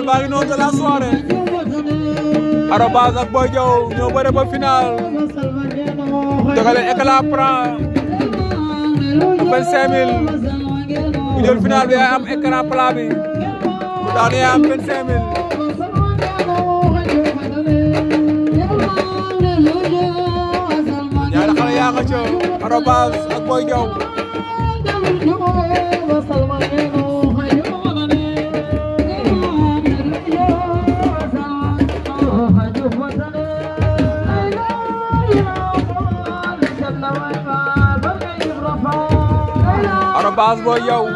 final baa la soirée Arobase ak Boy Diaw ñoo bëre ba final dogale éclat plat vingt-cinq mille ku jël final bi yaay am écran plat bi ku daanu yaay am vingt-cinq mille ñaari ak Boy Canabasse Boy Diaw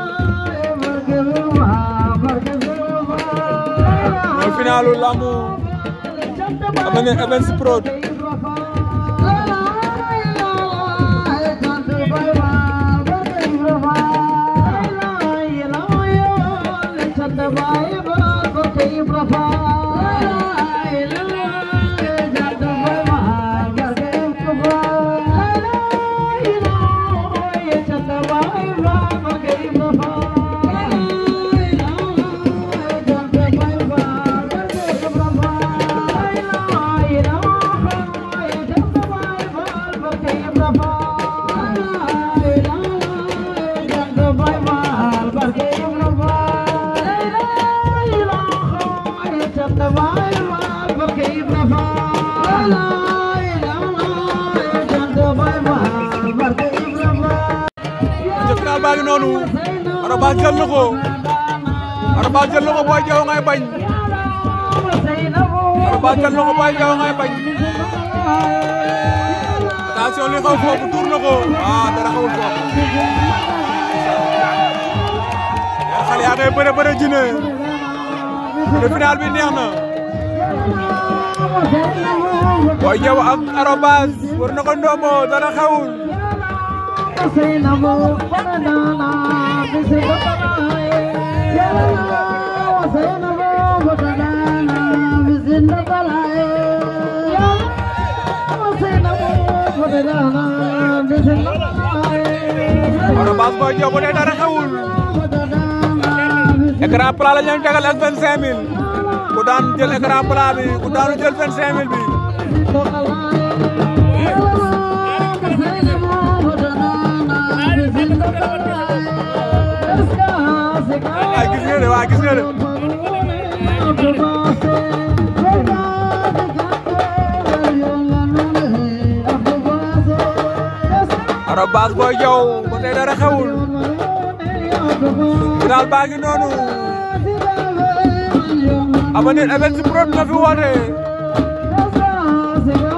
mooy finalu lamb Events Prod noonu Arobase jël na ko jël na ko Boy Diaw bañ Arobase jël na ko Boy Diaw bañ attention li xaw foofu tuur na ko ah dara xawul foofu xale yaa ngay bëre bi neex na Boy ak Arobase war na ko ndombo dara से नमो वदनाना विष्णु बनाए नमो से नमो वदनाना विष्णु बनाए नमो से नमो वदनाना विष्णु बनाए और बात को जो बोले डर खाउल एकरा प्ला la ñu tegal ak 25000 ku daan jël ekran plat bi ku daan jël 25000 bi ay gis nga ne waa ba tey dara xewul final baa ngi noonu Avenir Events Prod na fi woote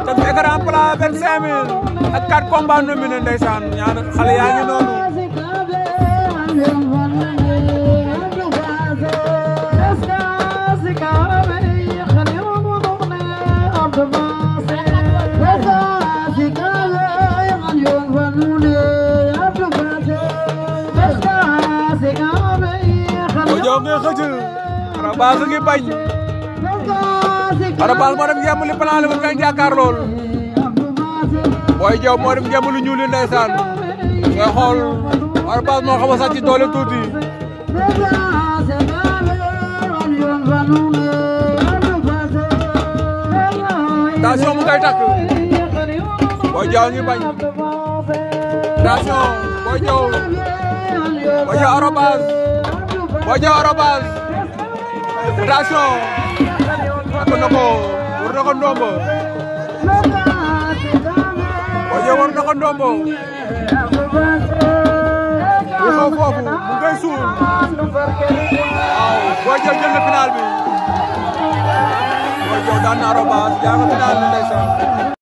te fi écran plat vingt-cinq mille ak quatre combats nominés ndeysaan ñaar xale yaa ngi noonu ngay xëcc Arobase a bañ Arobase moo dem ngemb li plan la moo dem moo xaw a sàcc doole tuuti attention mu ngay takk Boy Diaw ngi bañ attention Boy Diaw Boy Diaw Arobase Boy Niang Arobase attention war na ko war na ko ndombo Boy Niang war na ko ndombo bu xaw bi Boy Niang daan bi